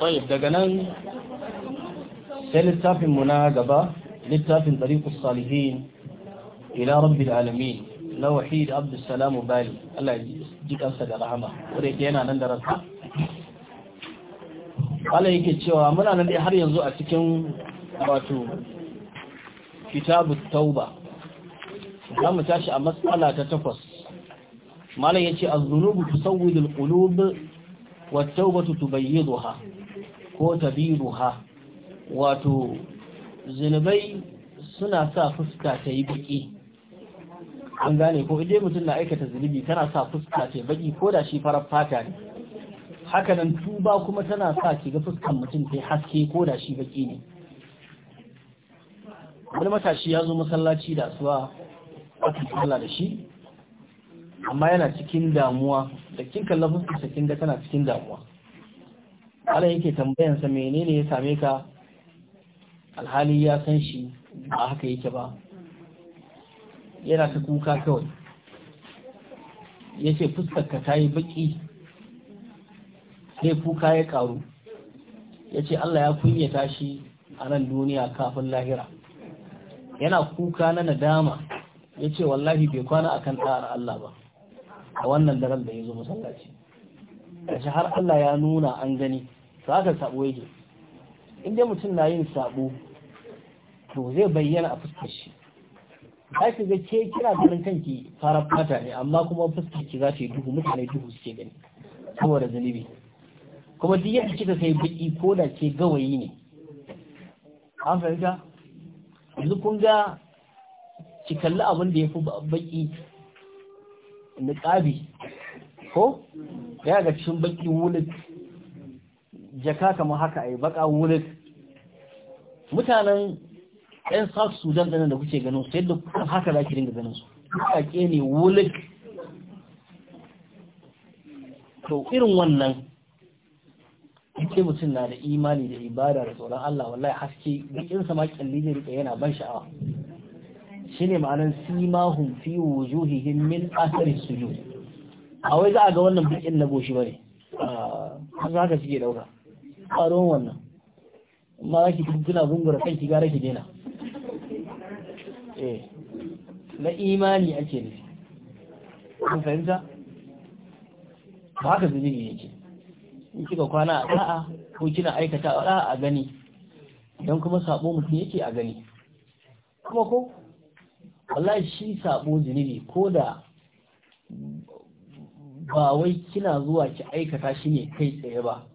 طيب دقنان سيلتاف مناقبة للتاف طريق الصالحين إلى رب alamin na wahid abdulsalamu bali Allah ji kansa da rahama wanda yake yana nan da ransa Allah yake cewa muna nan har yanzu a cikin wato kitabu tauba za tashi a matsala ta takwas malam yace az-zunubu tusawwidul qulub wattaubatu tubayyiduha ko tabiruha wato zinubai suna sa fuska ta yi baki an gane ko idai mutum na aikata zunubi tana sa fuska ta yi baki ko da shi farar fata ne Haka nan, tuba kuma tana sa ki ga fuskan mutum ta haske ko da shi baki ne wani matashi ya zo masallaci da suwa aka kalla da shi amma yana cikin damuwa da kin kalla fuskarsa kin ga tana cikin damuwa Allah yake tambayan sa menene ya same ka alhali ya san shi ba haka yake ba yana ta kuka kawai yace fuskarka ta yi baki sai kuka ya karu yace Allah ya kunyata shi a nan duniya kafin lahira yana kuka na nadama yace wallahi bai kwana akan tsara Allah ba a wannan daren da ya zo masallaci ƙarshe har Allah ya nuna an gani to haka sabo yake in dai mutum na yin sabo to zai bayyana a fuskar shi za ki ga ke kira ganin kanki fara fata ne amma kuma fuskar ki za ta yi duhu mutane duhu suke gani saboda zunubi kuma duk yadda kika kai baki ko da ke gawayi ne an fahimta yanzu kun ga ki kalli abin da ya fi baki niƙabi ko ya ga cikin baki wulik jaka kamar haka ai baka wulik mutanen ɗan south sudan ɗanar da kuke ganin su yadda kukan haka za ki dinga ganin su kake ne wulik to irin wannan ke mutum na da imani da ibada da tsoron Allah wallahi haske bikin makin ma kyalli yana ban sha'awa ne ma'anar simahum fi wujuhihim min su sujud a wai za a ga wannan bikin na goshi bane a ah, ka suke dauka a ruwan wannan amma za ki kuna gungura kan ki gara ki daina eh na imani ake nufi kun fahimta ba haka ne yake in kika kwana a da'a ko kina aikata a da'a a gani Don kuma sabo mutum yake a gani kuma ko wallahi shi sabo zunubi ko da ba wai kina zuwa ki aikata shi ne kai tsaye ba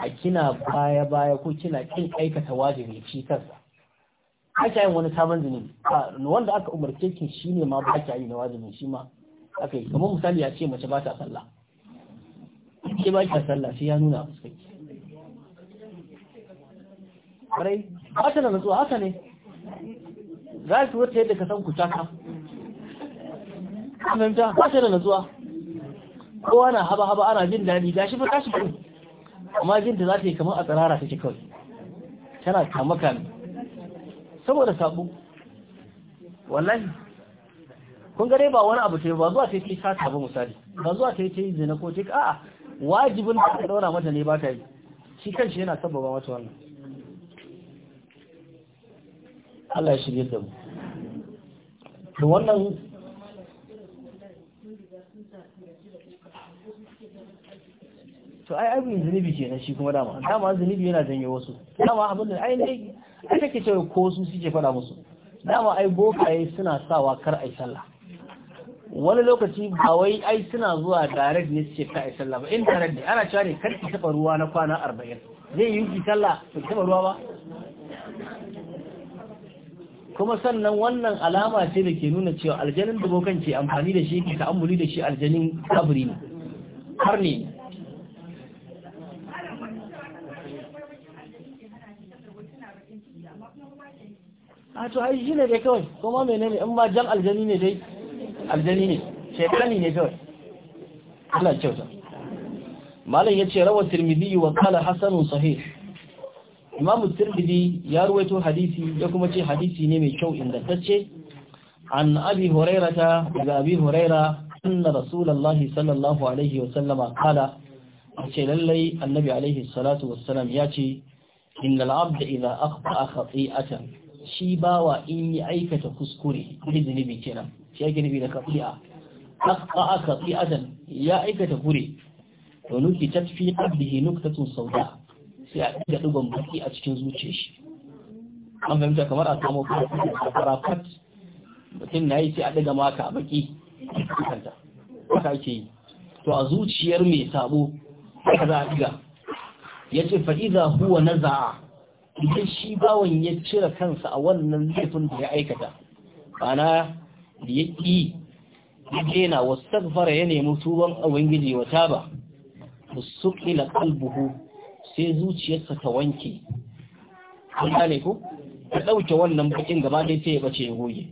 a kina baya baya ko kina kin aikata wajibi shi kansa aka yi wani sabon zunubi wanda aka umarce ki ne ma ba ki yi na wajibi shi ma aka yi kamar misali a ce mace ba ta sallah ke ba ki sallah sai ya nuna fuskarki ƙwarai ba ta da nutsuwa haka ne za su wata yadda ka san ku taka ta ba sai da natsuwa kowa na haba haba ana jin daɗi gashi fa tashi ku amma jin da za ta yi kamar a tsirara take kawai tana kamaka ne. saboda sabu wallahi kun ga dai ba wani abu ce ba zuwa ta yi sata ba misali ba zuwa ta yi yi zina ko ta a'a wajibin da aka daura mata ne ba ta yi shi kanshi yana sababa mata wannan Allah ya shirye da mu to wannan to ai abin zunubi ke na shi kuma dama dama zunubi yana janyo wasu dama abin da ai ne a take cewa ko su suke fada musu dama ai bokaye suna sawa kar ai sallah wani lokaci ba wai ai suna zuwa tare da ne ce ka ai sallah ba in tare da ana cewa ne kar ki taba ruwa na kwana 40 zai yi ki sallah ki taba ruwa ba kuma sannan wannan alama ce da ke nuna cewa aljanin da bokan ce amfani da shi ke ta'ammuli da shi aljanin kabri ne har ne a to ai shi ne dai kawai kuma menene in ma jan aljani ne dai aljani ne shekani ne kawai Allah ya kyauta malam yace rawa tirmidhi wa qala hasanun sahih imam tirmidhi ya ruwaito hadisi ya kuma ce hadisi ne mai kyau ingantacce an abi hurairata daga abi huraira anna rasulullahi sallallahu alaihi wa sallama kala ce lallai annabi alaihi salatu wassalam ya ce innal abda idza akhta khati'atan shi bawa in ya aikata kuskure ne zunubi kenan shi yake nufi da khati'a akhta khati'atan ya aikata kure to nuki tatfi qabdihi nuktatun sauda sai a ɗiga ɗigon baki a cikin zuciya shi an fahimta kamar a samu farafat mutum na yi sai a ɗiga maka a baki kanta haka ake yi to a zuciyar mai sabo haka za a ɗiga ya ce fa'iza huwa na za'a idan shi bawan ya cire kansa a wannan laifin da ya aikata ana da ya ƙi ya dena wasu ya nemi tuban a wangiji wa taba musu ƙila kalbuhu sai zuciyarsa ta wanke kun gane ko ta ɗauke wannan bakin gaba dai sai ya bace ya goge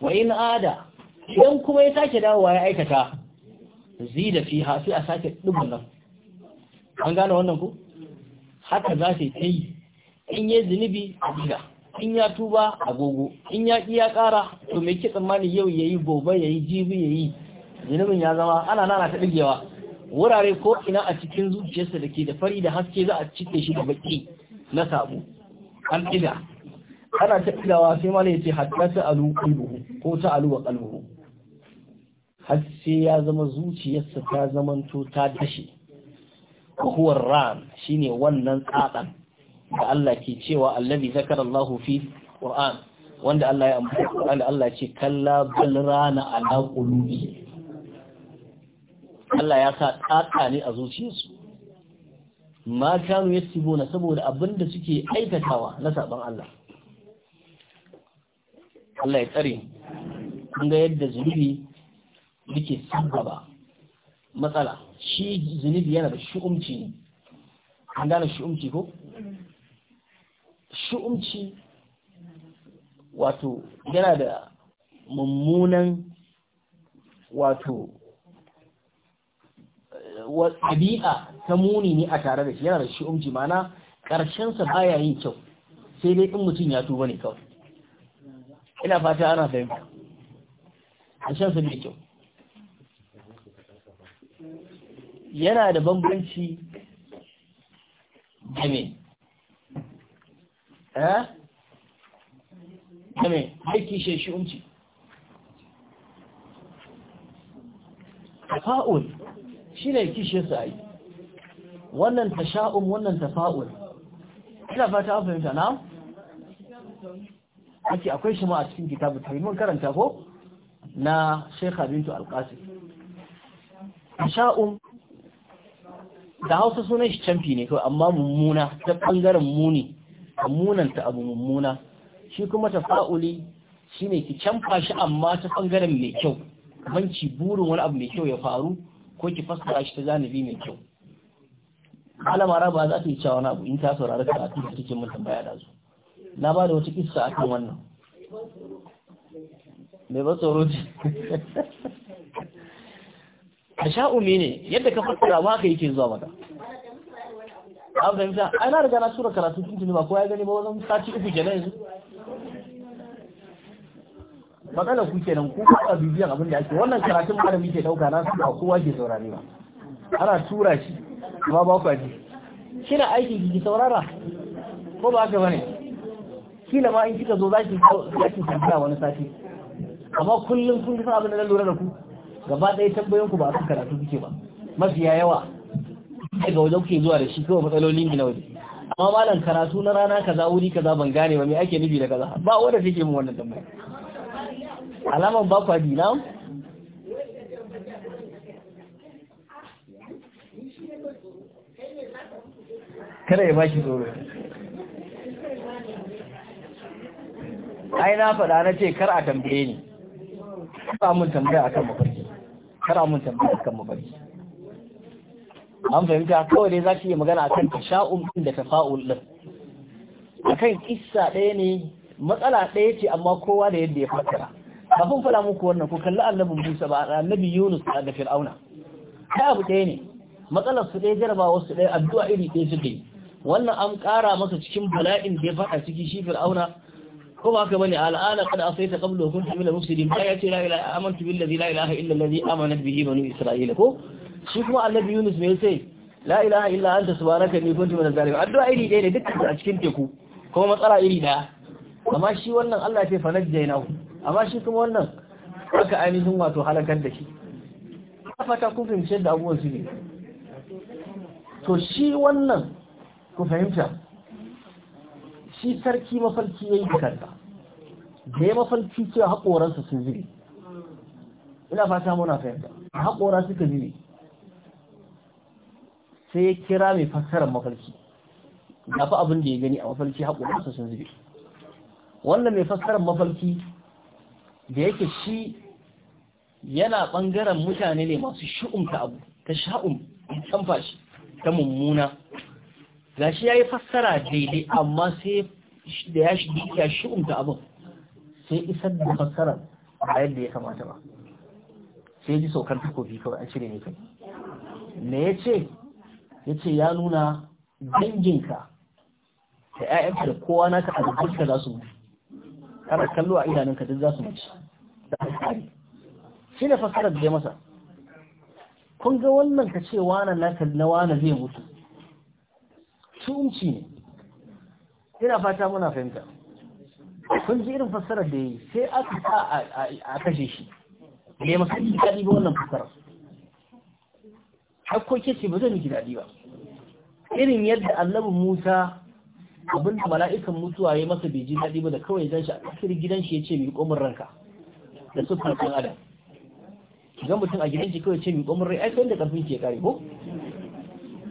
wa in ada idan kuma ya sake dawo ya aikata zida fiha sai a sake dubun nan an gane wannan ko haka za su yi in ya zunubi a gida in ya tuba agogo in ya ƙi ya ƙara to mai kitsan mani yau ya yi gobe ya yi jibi ya yi zunubin ya zama ana nana ta ɗigewa wurare ko ina a cikin zuciyarsa da ke da fari da haske za a cike shi da baki na sabo an ida ana ta idawa sai mana yace hatta ta alu qalbuhu ko ta alu wa qalbuhu ya zama zuciyarsa ta zamanto ta dashi huwa ran shine wannan tsadan. da Allah ke cewa allazi zakara Allahu fi Qur'an wanda Allah ya ambata Allah ce kalla bal rana ala Allah ya sa tsaka ne a zuciyarsu ma kanu sibona saboda abin da suke aikatawa na saban Allah Allah ya tsare kun ga yadda zunubi yake ba matsala shi zunubi yana da shu'umci ne an gane shu'umci ko shu'umci wato yana da mummunan wato ɗabi'a ta muni ne a tare da shi yana da shi umji mana ƙarshensa baya yin kyau sai dai in mutum ya tuba ne kawai ina fata ana fahimta ƙarshensa bai kyau yana da bambanci game eh game aiki shi shi umji Fa’ul shine kishe su ai wannan tasha'um wannan tafa'ul ina fata an fahimta na ake akwai shi ma a cikin kitabu tarimin karanta ko na Sheikha Bintu al Ta tasha'um da Hausa sunan shi canfi ne kawai amma mummuna ta bangaren muni munanta abu mummuna shi kuma tafa'uli shine ki canfa shi amma ta bangaren mai kyau banci burin wani abu mai kyau ya faru ko ki fassara shi ta zanibi mai kyau malama raba za ta yi cewa na abu in ta saurari karatu da take mun tambaya da su na ba da wata kissa akan wannan mai ba tsoro ce a sha umi ne yadda ka fassara ba ka yake zuwa mata da. fahimta ana riga na tura karatu tun ba ko ya gani ba wajen sati uku kenan yanzu matsalar ku kenan ku ba bibiyan abin da ake wannan karatun malami ke dauka na su ba kowa ke saurare ba ana tura shi amma ba ku ji kina aiki ki saurara ko ba haka bane kila ma in kika zo zaki zaki tsaya wani sati amma kullum kun ga abin da na lura da ku gaba ɗaya tambayoyin ku ba su karatu kuke ba mafiya yawa ga wajen kuke zuwa da shi kawai matsalolin gina waje amma malam karatu na rana kaza wuri kaza ban gane ba me ake nufi da kaza ba wanda take mu wannan tambaya Alamar ba kwa na? kada ya baki tsoro ai na faɗa na ce kar a tambaye ni kar a mun tambaya akan mafarki kar a mun tambaya akan mafarki an fahimta kawai dai za ki yi magana akan sha'un din da tafa'ul din akan kissa ɗaya ne matsala ɗaya ce amma kowa da yadda ya fassara kafin faɗa muku wannan ko kalli annabi Musa ba annabi Yunus da Fir'auna kai abu ɗaya ne matsalar su ɗaya jarabawa su ɗaya addu'a iri ɗaya suke yi wannan an ƙara masa cikin bala'in da ya faɗa ciki shi Fir'auna ko ba ka bane al'ana qad asayta qabla kun tamila mufsidin ba ya ce la ilaha amantu billazi la ilaha illa allazi amanat bihi banu isra'ila ko shi kuma annabi Yunus me yace la ilaha illa anta subhanaka inni kuntu minaz zalimin addu'a iri ɗaya ne dukkan su a cikin teku kuma matsala iri ɗaya amma shi wannan Allah ya ce fanajjaynahu amma shi kuma wannan aka ainihin wato halakar da shi fata kun fahimci yadda abubuwan su ne to shi wannan ku fahimta shi sarki mafarki ya yi bukata da ya mafarki cewa haƙoransa sun zire ina fata muna fahimta haƙora suka zire sai ya kira mai fassarar mafarki gafi abin da ya gani a mafarki haƙoransa sun zire wannan mai fassarar mafarki da yake shi yana ɓangaren mutane ne masu ta abu ta sha'um ɗan fashi ta mummuna Ga shi ya yi fassara daidai amma sai da ya ya ta abu sai isar da fassara a yadda ya kamata ba sai ji saukar takobi kawai a cire ne kai me ya ce ya ce ya nuna danginka da 'ya'yanka da kowa naka a da za su mutu kana kallo a idanunka duk za su mace da alfahari shi ne fassarar da ya masa kun ga wannan ka ce wane naka na wane zai mutu tumci ne ina fata muna fahimta kun ji irin fassarar da ya yi sai aka sa a kashe shi ne masa yi daɗi ba wannan fassarar hakkoke ce ba zai miki daɗi ba irin yadda annabin musa abin da mala'ikan mutuwa ya masa bai ji daɗi ba da kawai zan shi a ƙasar gidan shi ya ce mai min ranka da sufan ɗan adam ga mutum a gidan shi kawai ce mai min ranka ai sai da ƙarfin ke kare ko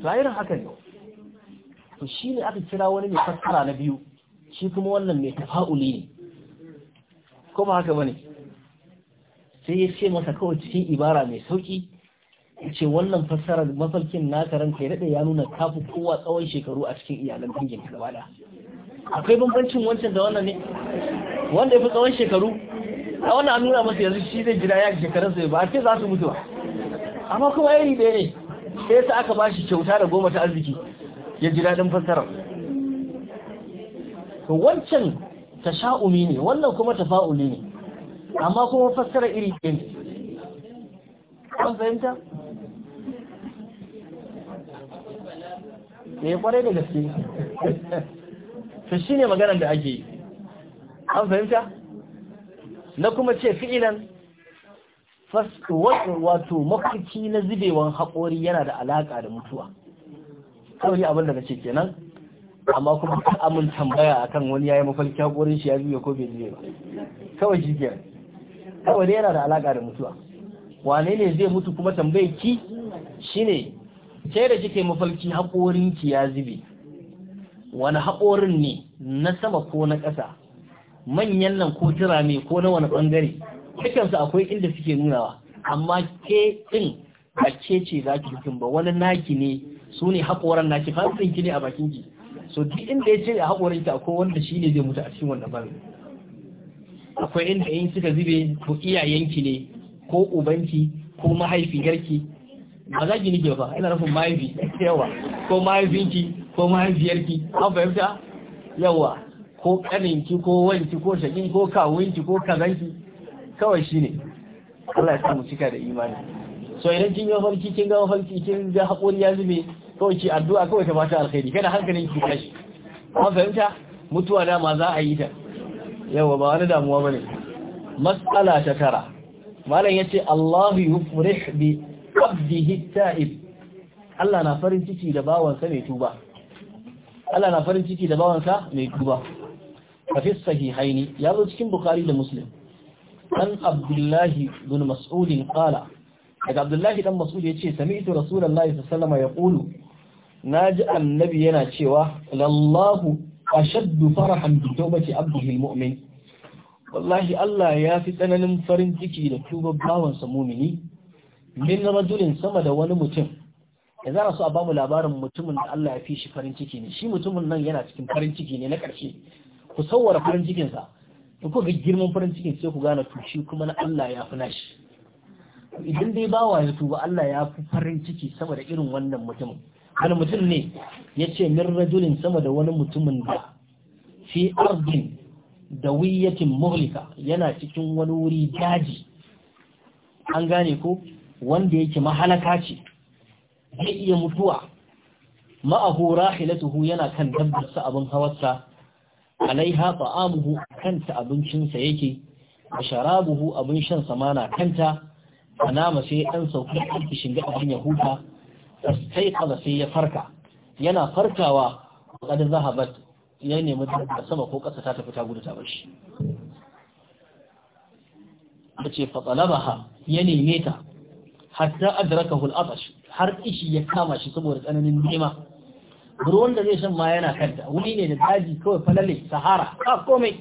zahirin haka ne to shi ne aka kira wani mai fassara na biyu shi kuma wannan mai tafa'uli ne kuma haka bane sai ya ce masa kawai cikin ibara mai sauki ce wannan fassarar mafarkin naka ranka ya daɗe ya nuna kafi kowa tsawon shekaru a cikin iyalan dangin gaba da akwai bambancin wancan da wannan ne wanda ya fi tsawon shekaru a wannan an nuna masa yanzu shi zai jira ya shekarun sai ba ce za su mutu ba amma kuma iri ɗaya ne sai yasa aka ba shi kyauta da goma ta arziki ya ji daɗin fassarar wancan tasha'umi ne wannan kuma tafa'uli ne amma kuma fassara iri ɗaya ne an fahimta ne eh, kwarai da gaske to shine maganar da ake yi an fahimta na kuma ce fi'ilan wato mafarki na zubewan haƙori yana da alaƙa da mutuwa kawai abin da na ce kenan amma kuma ta amin tambaya akan wani yayi mafarki haƙorin shi ya zube ko bai zube ba kawai shi kenan kawai yana da alaƙa da mutuwa wane ne zai mutu kuma tambayar ki ne. sai da kike mafarki haƙorinki ya zube wani haƙorin ne na sama ko na ƙasa manyan nan ko turame ko na wani ɓangare dukansu akwai inda suke nunawa amma ke ɗin a ce ce za ki ba wani naki ne su ne haƙoran naki fasin ki ne a bakin ki so duk inda ya ce a haƙorin ki akwai wanda shi ne zai mutu a cikin wannan bari akwai inda in suka zube ko iyayenki ne ko ubanki ko mahaifiyarki ba za ki nike ba ina nufin mahaifi yawa ko mahaifinki ko mahaifiyarki an fahimta yawa ko kaninki ko wanki ko shakin ko kawunki ko kazanki kawai shi ne Allah ya samu cika da imani so idan kin yi mafarki kin ga mafarki kin ga haƙuri ya zube kawai ki addu'a kawai ta fata alkhairi kada hankalin ki tashi an fahimta mutuwa dama za a yi ta yawa ba wani damuwa bane mas'ala ta tara malam yace Allahu yufrih bi abdihi ta'ib Allah na farin ciki da bawansa mai tuba Allah na farin ciki da bawansa mai tuba a fi sahihaini ya zo cikin Bukhari da Muslim Dan Abdullahi bin Mas'udin qala daga Abdullahi dan Mas'ud yace sami'tu Rasulullahi sallallahu alaihi wasallam Na ji annabi yana cewa lallahu ashaddu farahan bi tawbati abdihi almu'min wallahi Allah ya fi tsananin farin ciki da tuba bawansa mu'mini min rajulin sama da wani mutum ya za su a bamu labarin mutumin da Allah ya fi shi farin ciki ne shi mutumin nan yana cikin farin ciki ne na ƙarshe ku sauwara farin cikinsa in ku ga girman farin cikin sai ku gane tushe kuma na Allah ya fi nashi idan dai bawa ya tuba Allah ya fi farin ciki sama da irin wannan mutumin wani mutum ne ya ce min rajulin sama da wani mutumin da fi ardin da wiyatin muhlika yana cikin wani wuri daji an gane ko wanda yake mahalaka ce zai iya mutuwa ma'ahu rahilatuhu yana kan dabbarsa abin hawarsa alaiha ta'amuhu kanta abincinsa yake shara sharabuhu abin shan samana kanta nama sai ɗan sauƙi a ƙarfi shiga abin ya huta fastaiqaza sai ya farka yana farkawa ƙadar zahabat ya nemi da sama ko ƙasa ta tafi ta gudu ta bashi bace fa ha, ya neme ta hatta adrakahu al-atash har ishi ya kama shi saboda tsananin nema ruwan da zai shan ma yana kanta wuri ne da daji kawai falale sahara ka komai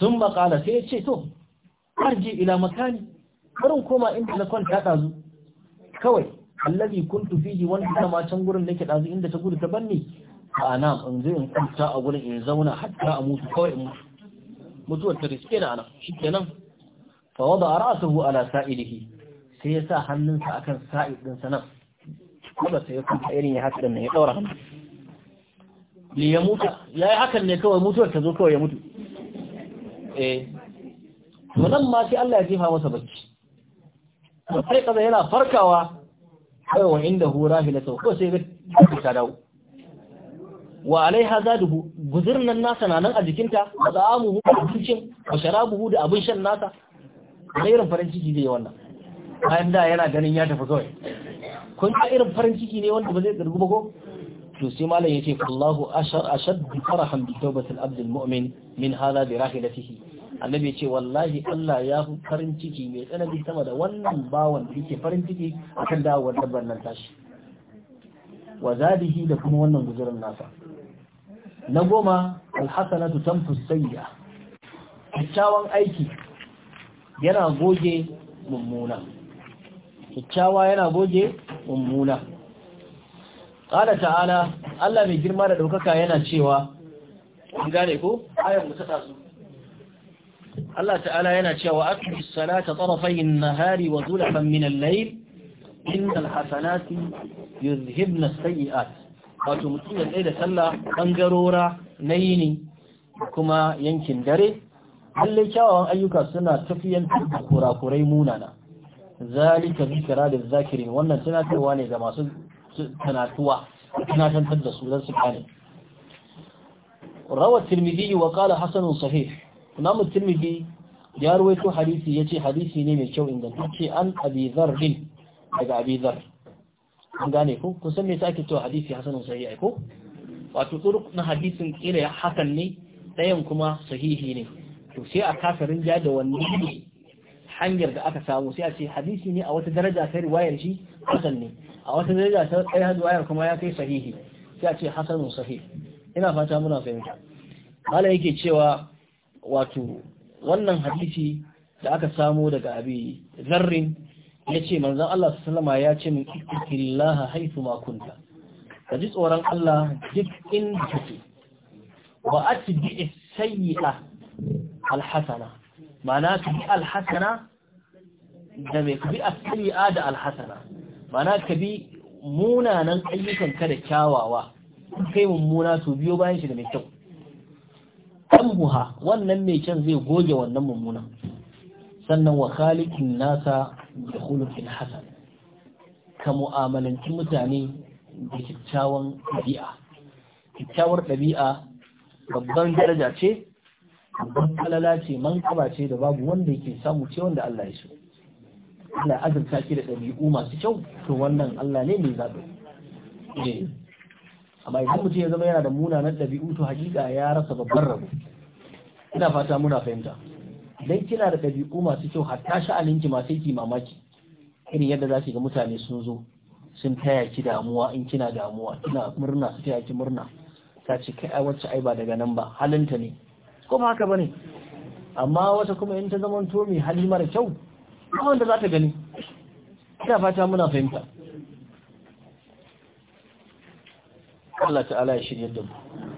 sun makala sai ya ce to arji ila makani Karin koma inda na kwanta ɗazu kawai allazi kuntu fihi wanda dama can gurin nake ɗazu inda ta gudu ta banne? a nan in zai in kwanta a gurin in zauna hatta a mutu kawai in mutu mutuwar ta riske da ana shikenan fa wada ra'sahu ala sa'ilihi sai ya sa hannunsa akan sa'id din sanan kuma sai ya kuma irin ya haka nan ya daura hannu li ya mutu yi hakan ne kawai mutuwar ta zo kawai ya mutu eh wannan ma shi Allah ya jefa masa bacci sai kaza yana farkawa kai wa inda hu rahilatu ko sai ga ta dawo wa alaiha zaduhu guzurnan nasa na nan a jikinta wa za'amuhu da abincin wa sharabuhu da abin shan nasa da irin farin ciki zai wannan bayan da yana ganin ya tafi kawai kun ga irin farin ciki ne wanda ba zai tsirgu ba ko to sai malam yace Allahu ashad farahan bi tawbatil abdul mu'min min hadha bi rahilatihi annabi yace wallahi Allah ya fi farin ciki mai tsanani sama da wannan bawan da yake farin ciki akan dawowar dabbar nan tashi wa zadihi da kuma wannan guzurin nasa na goma alhasanatu tanfus sayya kyakkyawan aiki yana goge mummuna kyakkyawa yana goge mummuna ƙada ta'ala Allah mai girma da ɗaukaka yana cewa gane ko ayan mu ta su Allah ta'ala yana cewa aqimi salata tarafay an-nahari wa zulfan min al-layl innal hasanati yuzhibna as wato mutum ya tsaye da sallah bangarora na yini kuma yankin dare lallai kyawawan ayyuka suna tafiyan kurakurai munana zalika zikra lil zakirin wannan tunatarwa ne ga masu tunatuwa tunatantar da su dan su kare. rawa tirmidhi wa qala hasan sahih imam tirmidhi ya rawaito hadisi yace hadisi ne mai kyau ingantacce an abi dharrin daga abi dhar an gane ko kun san me yasa ake cewa hadisi hasan sahih ai ko wato turuk na hadisin kila hasan ne dayan kuma sahihi ne to sai a kasarin ja da wanne hanyar da aka samu sai a ce hadisi ne a wata daraja ta riwayar shi hasan ne a wata daraja ta riwayar kuma ya kai sahihi sai a ce hasanun sahih ina fata muna fahimta malam yake cewa wato wannan hadisi da aka samu daga abi zarrin ya ce manzan Allah sallama ya ce min ikirillaha haifu makunta ka ji tsoron Allah duk inda kake wa atbi sayyi'a alhasana ma'ana ka bi alhasana da mai kabi asali'a da alhassana mana kabi munanan ayyukan ka da kyawawa kai mummuna to biyo bayan shi da mai kyau tambuha wannan mai kyan zai goge wannan mummuna sannan wa khaliqin nasa da khuluqin hasan ka mu'amalanci mutane da kyakkyawan ɗabi'a kyakkyawar ɗabi'a babban daraja ce babban kalala ce kaba ce da babu wanda yake samu ce wanda Allah ya so ana azurta ki da ɗabi'u masu kyau to wannan Allah ne mai zaɓi eh. amma idan mutum ya zama yana da munanan ɗabi'u to hakika ya rasa babban rabo ina fata muna fahimta dan kina da ɗabi'u masu kyau hatta sha'aninki ma sai ki mamaki irin yadda za ki ga mutane sun zo sun taya ki damuwa in kina damuwa kina murna su taya ki murna ta ce kai ai wacce ai ba daga nan ba halinta ne kuma haka bane amma wata kuma in ta zama to mai hali mara kyau ba wanda za ta gani ina fata muna fahimta Allah ta'ala ya shirya da mu